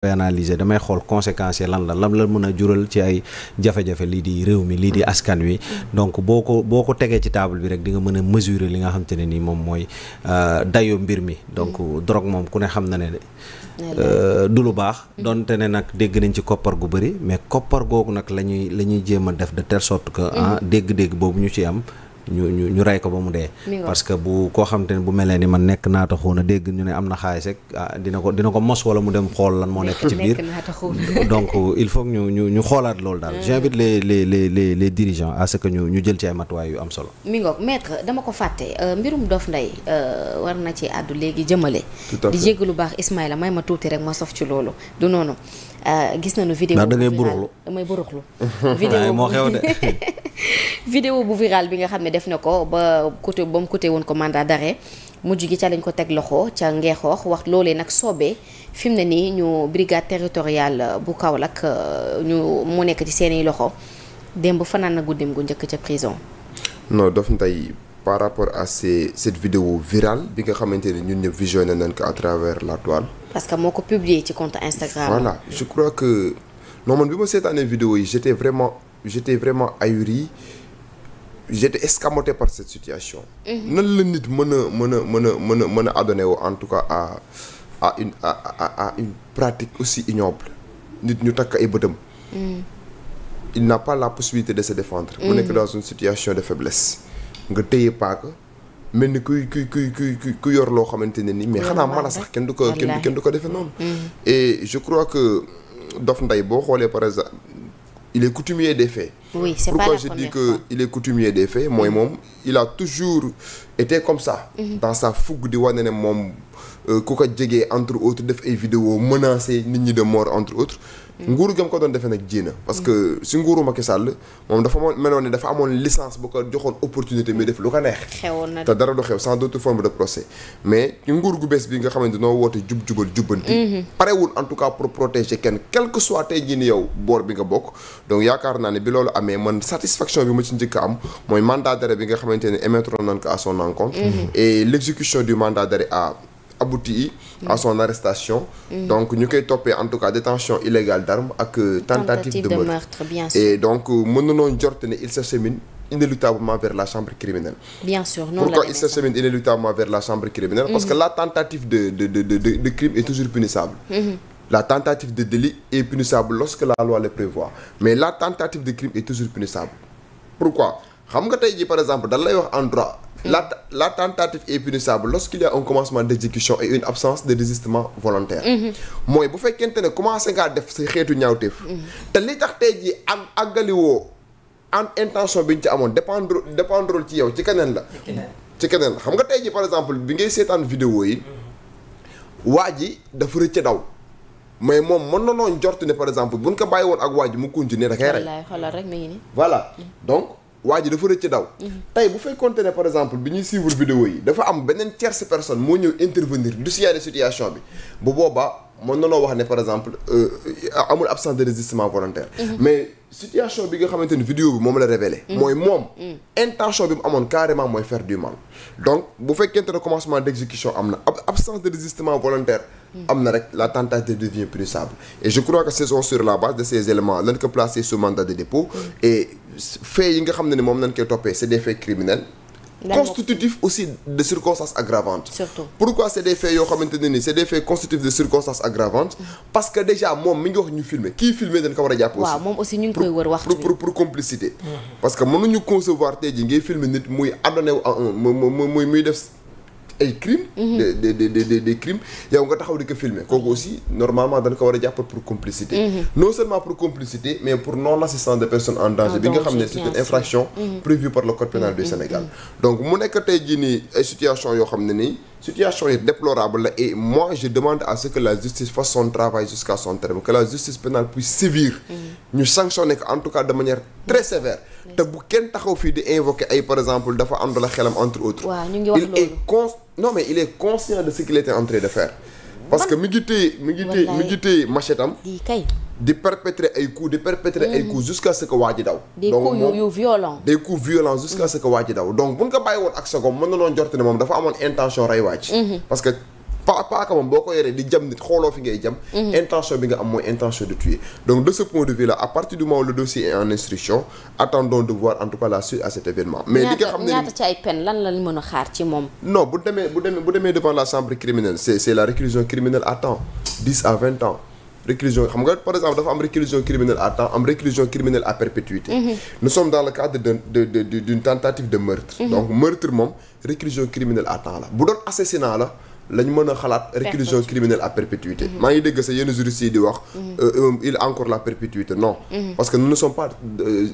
analyser damay xool conséquences yi lan la lam la mën a jural ci ay jafe-jafe lii di réew mi lii di askan wi donc boo ko boo ko tegee ci table bi rek di nga mën a mesurer li nga xam te ne nii moom mooy euh, dayo mbir mi donc drogue moom ku ne xam na ne euh, du lu baax donte ne nag dégg nañ ci koppar gu bëri mais koppar googu nag la ñuy la ñuy jéem a def de telle sorte que ah dégg-dégg boobu ñu ci am ñu ñu rey ko ba mu dee parce que bu koo xam te ne bu melee ni man nekk naata xuuna dégg ñu ne am na xaalis rek ah, dina ko mos wala mu dem xool lan moo nekk ci biir donc il faut ñu ñu xoolaat loolu daal mm. j'invite les les les les les dirigeants à ce que ñu ñu jël ci ay matuwaay yu am solo mi ngoog maître dama ko fàtte euh, mbirum Dof Ndeye euh, war na ci àddu léegi jëmale di jégg lu baax Ismaïla may ma tuuti rek ma sof ci loolu du noonu euh, gis na vidéo ndax da ngay buruxlu damay buruxlu vidéo moo xew bu viral bi nga xam ne ne def na ko ba côté ba mu côté woon ko mandat d'arrêt mujj gi ca lañ ko teg loxo ca ngeexoox wax loolee nag soobee fi mu ne nii ñu brigade territoriale bu kaw Kaolack euh, ñu mu nekk ci seeni loxo démb fanaan na guddim gu njëkk ca prison. non Dof Ndeye par rapport a ces cette vidéo virale bi nga xamante ne ñun ñëpp visionné nañ ko à la toile. parce que moo ko publier ci compte Instagram. voilà je crois que non man bi ma seetaanee vidéo yi j'étais vraiment j'étais vraiment ahuri. j'étais escamoté par cette situation. nan la nit mën a mën a mën a mën a mën a adonné wu en tout cas à à une pratique aussi ignoble nit ñu takk ay bëtam. Mm. il n'a pas la possibilité de se défendre. mu mm. nekk dans une situation de faiblesse. nga téye paaka mel ni kuy kuy kuy kuy ku yor loo xamante ne ni mais xanaa mala sax kenn du ko kenn kenn du ko defee noonu. Mm. et je crois que Dof Ndeye boo xoolee par exemple il est coutumier des faits. oui c'est pas la première fois pourquoi il des faits mooy mm-hmm. moom il a toujours été comme ça. Mm-hmm. dans sa fougue di wane ne moom. Euh, ku ko jege entre autres def ay vidéo menacé nit ñi de mort entre autres mm. nguur gam ko doon defee nag jéena parce que mm. si ma Macky sàll moom dafa moon meloon dafa amoon licence bu ko joxoon opportunité muy def lu ko neex te dara du xew sans d'autre forme de procès mais ci nguur gu bees bi nga xamante noo woote jub-jubal jubbanti mm-hmm. parewul en tout cas pour protéger kenn quel que soit tey jii ni yow boor bi nga bokk donc yaakaar naa ne bi loolu amee man satisfaction bi ma ci njëkk a am mooy mandat d'arrêt bi nga xamante ne émettre nañ ko à son encontre mm-hmm. et l'exécution du mandat d'arrêt à aboutit à son arrestation mm-hmm. donc ñu koy toppee en tout cas détention illégale d'armes ak euh, tentative de meurtre bien sûr et donc euh, mën na noon jort ne il s'achemine inéluctablement vers la chambre criminelle. Pourquoi il s'achemine inéluctablement vers la chambre criminelle Parce que mm-hmm. la tentative de de de de crime est toujours punissable. Mm-hmm. La tentative de délit est punissable lorsque la loi le prévoit, mais la tentative de crime est toujours punissable. Pourquoi? Xam nga La, la tentative est punissable lorsqu'il y a un commencement d'exécution et une absence de désistement volontaire. Mhm. mooy bu fekkente ne commencé ngaa def si xeetu ñaawteef. Mhm. te li tax tey jii ak àggaliwoo am intention bi ñu ci amoon dépendre dépendre ci yow ci keneen la. ci keneen la xam nga tey jii par exemple bi ngay seetaan vidéo yi. Mhm. waa ji dafa rëcc daw. mais moom mën na noonu njort ne par exemple buñ ko bàyyi woon ak waa ji mu continuer da koy rey. voilà donc. waa ji dafa rëcc daw. tey bu fekkoonte ne par exemple bi ñuy suivre vidéo yi dafa am beneen tierce personne moo ñëw intervenir du si yaay situation bi bu booba na nanoo wax ne par exemple euh, amul absence de résistance volontaire mhm. mais situation bi nga xamante ni vidéo bi moom la révélé mhm. mooy moom mhm. intention bi mu amoon carrément mooy faire du mal donc bu fekkente ne commencement d'exécution am na absence de résistance volontaire am na rek la tentative devient punissable et je crois que ce sont sur la base de ces éléments lañ ko placé sous mandat de dépôt et faits yi nga xam ne ni moom lañ koy toppee c'est constitutif aussi de circonstances aggravantes pourquoi c'est des faits yoo xamante ne ni c'est des faits constitutifs de circonstances aggravantes parce que déjà moom mi ngi wax ñu filmer kii filmer dañ war a jàpp waaw moom aussi ñu ngi koy wër waxtu pour pour complicité parce que mënuñu concevoir tey ji ngay filmer nit muy adonné wu muy muy def ay crimes. Mhm. des des des des des crimes yow nga taxaw di ko filmer kooku aussi normalement dañ ko war a jàppat pour complicité. Mhm. non seulement pour complicité mais pour non assistance de personnes en danger bi nga xam ne c'est une infraction mhm. par le code pénal du Sénégal donc mu nekk tey jii nii ay situation yoo xam ne nii situation yi déplorable la et moi je demande à ce que la justice fasse son jusqu'à son terme que la justice pénale puisse sévir en tout cas te bu kenn taxaw fii di invoquer ay par exemple dafa àndul ak xelam entre autres. waaw il est con non mais il est conscient de ce qu'il de faire. parce que mi ngi téye mi ngi téye mi ngi téye machette am. di kay di perpétrer ay coups di perpétrer mm. ay coups jusqu'à ce que waa ji daw. donc moom des coups yu violents. des coups violents jusqu'à mm. ce daw donc buñ ko bàyyi woon ak sagom mën na noon jort moom dafa amoon intention rey waa ji. Mm-hmm. parce que. pa paaka moom boo ko yoree di jam nit xooloo fi ngay jam mhm. intention bi nga am mooy intention de tuer donc de ce point de vue là à partir du moment où dossier est en instruction attendons de voir en tout cas la suite à cet événement mais li nga xam a nga par exemple dafa am réclusion criminelle à am réclusion criminelle à perpétuité mm -hmm. nous sommes dans le cadre d'un de d'une tentative de meurtre mhm. donc meurtre moom réclusion criminelle à la bu doon assassinat lañu mën a xalaat réclusion criminelle à perpétuité mm-hmm. maa ngi dégg sa yenn juristes yi di wax mm-hmm. euh, euh, il encore la perpétuité non mm-hmm. parce que nous ne sommes pas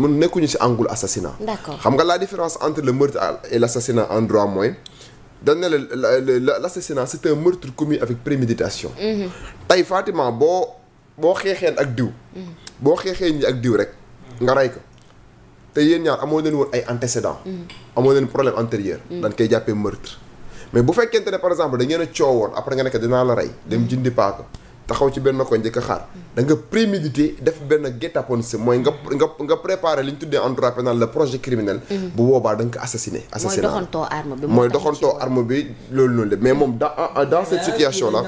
mun euh, nekkuñu ci angul assassinat xam nga la différence entre le meurtre et l'assassinat en droit mooy dañ la la l'assassinat c'est un meurtre commis avec préméditation tey Fatima boo boo xeexeen ak diw boo xeexee ñi ak diw rek nga rey ko te yéen ñaar amoo leen woon ay antécédents amoo leen problème antérieur dañ koy jàppee meurtre mais bu fekkente ne par exemple da ngeen a coowoon après nga nekk dinaa la rey dem jindi paaka taxaw ci benn koñ di xaar da nga prémédité def benn guet-apens mooy nga nga nga li ñu tuddee en droit pénal le projet criminel mm-hmm. bu boobaa da nga ko assassiné assassinat mooy doxantoo arme bi mais moom dans dans cette situation là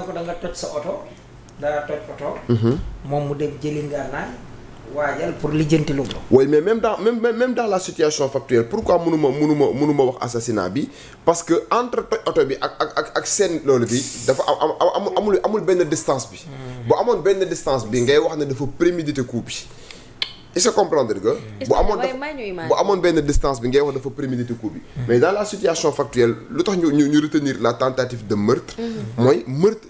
mm-hmm. moom mu dem jëli waaye pour lijjanti loolu. oui mais même dans même même dans la situation factuelle pourquoi mënuma mënuma mënuma wax assassinat bi parce que entre toj oto bi ak ak ak seen loolu bi dafa am amul amul benn distance bi. Hmm. bu amoon benn distance bi ngay wax ne dafa prémédité coup bi. est-ce que comprendre que bu amoon bu amoon benn distance bi ngay wax dafa prémédité coup bi mais dans la situation factuelle lu tax ñu ñu retenir la tentative de meurtre mm-hmm. mooy meurtre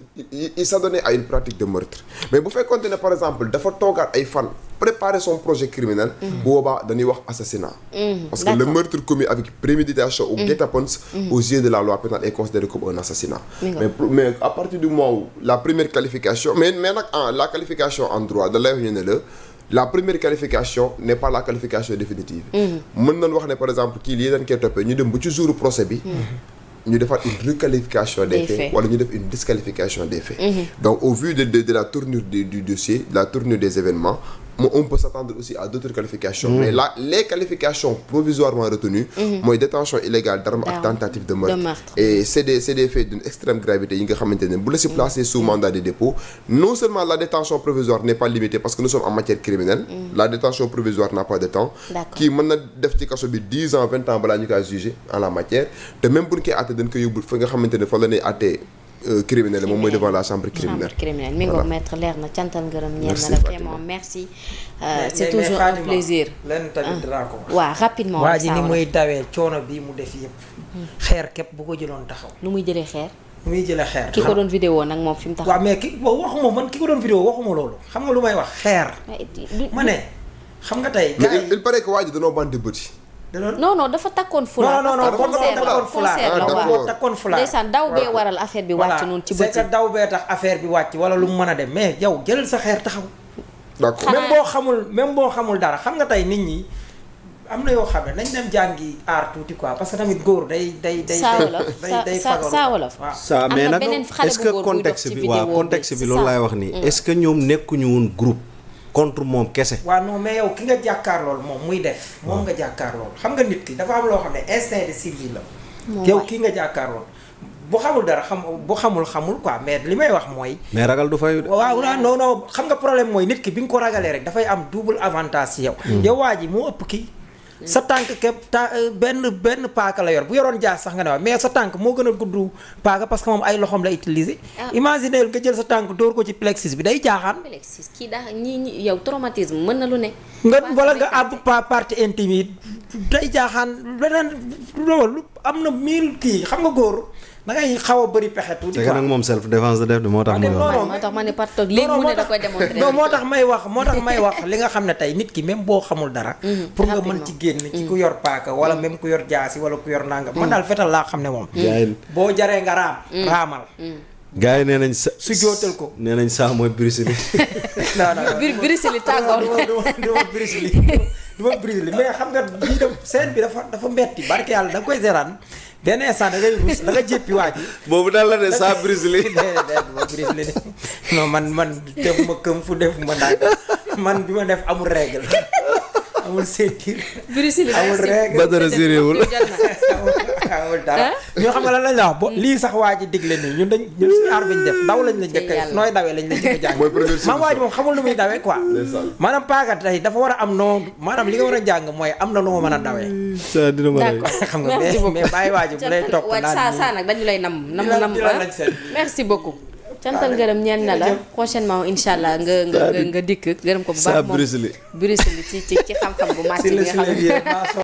il s'adonnait à une pratique de meurtre mais bu fekkoonte ne par exemple dafa toogaat ay fan préparer son projet criminel mm-hmm. bu boobaa dañuy wax assassinat mm-hmm. parce que le meurtre commis avec préméditation ou guet-apens aux yeux de la loi pénale est considéré comme un assassinat mais la première qualification n'est pas la qualification définitive. Mm-hmm. mën nañu wax ne par exemple kii lii dañ koy toppee ñu dem ba ci jouru procès bi. Mm-hmm. ñu defaat une requalification des faits wala ñu def une disqualification des faits. Mm-hmm. donc au vu de de de la tournure du dossier la tournure des événements. on peut s'attendre aussi à d'autres qualifications. mais mm. là les qualifications provisoirement retenues. Mm-hmm. mooy détention illégale d'armes ak tentative de meurtre. et c'est des c'est des extrême gravité yi nga xamante ne bu la si mm-hmm. placé sous mandat de dépôt non seulement la détention provisoire n'est pas limitée parce que nous sommes en matière criminelle. Mm-hmm. la détention provisoire n'a pas de temps. kii mën na def ci kaso bi dix ans vingt ans balaa ñu koy jugé en la matière Euh, criminelle moom mooy devant la chambre criminelle. chambre criminelle mi ngoog maître leer na cantal ngërëm ñeen na la vraiment merci. Euh, c'est toujours un plaisir. lenn tamit ah. dinaa ko wax. waaw rapidement waa ji ni muy tawee coono bii mu def yëpp. Hmm. xeer képp bu ko jëloon taxaw. nu muy jëlee xeer. lu muy jëlee xeer. ki ko doon vidéo nag moom fi mu taxaw. waaw mais ki waxuma man ki ko doon vidéo waxuma loolu xam nga lu may wax xeer. ma ne xam nga tey. gars yi mais il paraît que waa ji danoo bandi bëti non non dafa takkoon fulaar. non non non takkoon fulaar ah, waaw takkoon fulaar. ndeysaan daw bee waral affaire bi wàcc noonu. ci bëccëg c'est daw bee tax affaire bi wàcc wala lu mu mën a dem mais yow jël sa xeer taxaw. d'accord même boo xamul même boo xamul dara xam nga tey nit ñi. am na yoo xam ne nañ dem jàngi aar touti quoi parce que tamit góor day day day. day saawolof saa mais nag est-ce que contexte bi waaw contexte bi loolu laay wax nii. Mm. est-ce que ñoom nekkuñu woon group contre moom kese. waa non mais yow ki nga jàkkaar lool moom muy def. moom nga jàkkaar lool xam nga nit ki dafa am loo xam ne instinct de survie la. yow kii nga jàkkaar lool bu xamul dara xam bu xamul xamul quoi mais li may wax mooy. mais ragal du fayu de. waaw non non xam nga problème mooy nit ki bi nga ko ragalee rek dafay am double avantage si yow. Hmm. yow waa ji moo ëpp kii. sa tànk képp ta euh, benn benn paaka la yor bu yoroon jaas sax nga ne waaw mais sa tànk moo gën a gudd paaka parce que moom ay loxoom la utiliser. Ah. imaginer nga jël sa tànk door ko ci plexus bi day jaaxaan. plexus kii daa ñii yow traumatisme mën na lu ne. nga wala nga àbb pa partie intime day jaaxaan leneen loolu am na mille kii xam nga góor da ngay xaw a bëri pexe tuuti quoi. nag moom self défense def moo tax. moo tax ma ne par moo tax may wax moo tax may wax li nga xam ne tey nit ki même boo xamul dara. Mm-hmm. pour nga mën ci génn. ci ku mm-hmm. yor paaka wala mm-hmm. même ku yor jaasi wala ku yor nangam. man daal fetal laa xam ne moom. boo jaree nga raam. raamal. gaa yi nee nañ sa su jootal ko nee nañ saa mooy brisili. non non brisili tàngoor. du ma brûler mais xam nga lii def scène bi dafa dafa metti barke yàlla da nga koy zeraan benn instant da ngay ruus da nga jéppi waa ji. boobu daal la ne saa brisé. non man man defuma këm fu ma naan man bi ma def amul règle. amul ceinture. virgule amul règle Badara séréwul amul la wax bo lii sax waa ji digle nii ñun dañ ñun suñu aar bi ñu def hmm. daw lañ la njëkk a nooy dawee lañ la a jàng. mooy première chose maam waa moom xamul lu muy dawee quoi. maanaam a am noo maanaam li nga war a jàng mooy am na lu ma mën a dawee. ça dina ma d'accord xam nga mais mais bàyyi waa ji bu lay topp. naan saa saa nag dañu lay nam nam ah. merci beaucoup cantal ngërëm ñeen na la prochainement incha allah nga nga nga dikk gërëm ko bu baax moom Bruce Lee ci ci ci xam-xam bu màcc bi nga xam